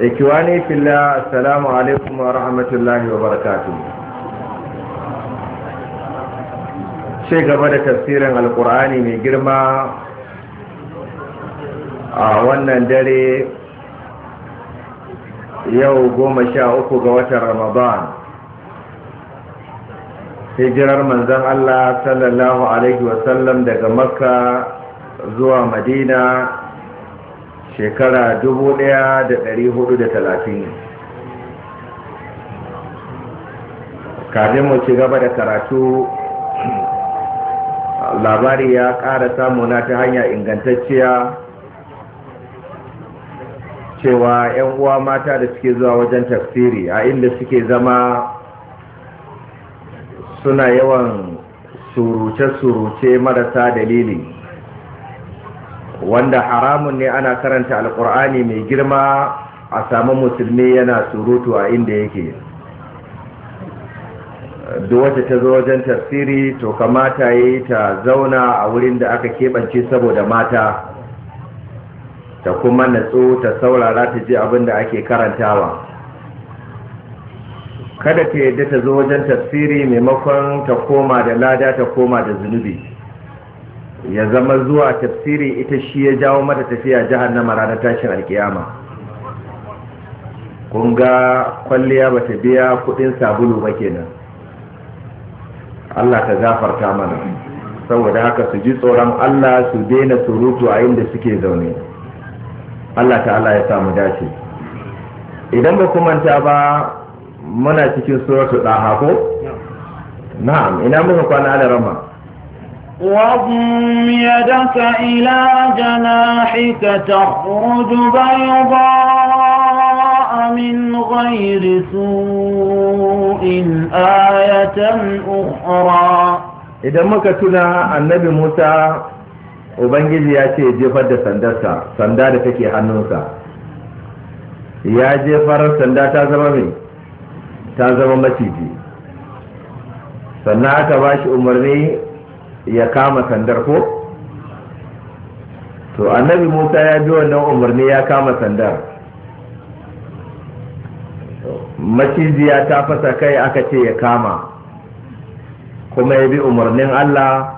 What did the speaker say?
ikiwani filla assalamu alaikum wa rahmatullahi wa barakatuhu ce gaba da tafsirin alkur'ani mai girma a wannan dare yau goma sha uku ga watan ramadan hijirar manzan Allah sallallahu alaihi wasallam daga makka zuwa madina shekara dubu ɗaya da da hudu 1430 kafin mu ci gaba da karatu labari ya ƙara samuna ta hanya ingantacciya cewa 'yan uwa mata da suke zuwa wajen tafsiri a inda suke zama suna yawan suruce-suruce marasa dalili wanda haramun ne ana karanta alkur'ani mai girma a samu musulmi yana surutu a inda yake wacce ta zo wajen tafsiri to kamata yi ta zauna a wurin da aka keɓance saboda mata ta kuma natsu ta saurara ta ji abin da ake karantawa kada ta yadda ta zo wajen tafsiri maimakon ta koma da lada ta koma da zunubi ya zama zuwa tafsiri ita shi ya jawo mata tafiya jihar jahannama ranar tashin alkiyama kun ga kwalliya ba ta biya kudin sabulu ba kenan Allah ka gafarta mana saboda haka su ji tsoron Allah su daina surutu a inda suke zaune Allah ta'ala ya samu dace idan ba ku manta ba muna cikin suratu ɗaha ko na'am ina muka kwana da rama واضم يدك إلى جناحك تخرج بيضاء من غير سوء آية أخرى إذا ما كتنا النبي موسى Ubangiji ya ce jefar da sandarsa, sanda da take hannunsa, ya jefar sanda ta zama mai, ta zama maciji, sannan aka ba shi umarni ya kama sandar ko to annabi musa ya bi wannan umarni ya kama sandar maciziya ta fasa kai aka ce ya kama kuma ya bi umarnin allah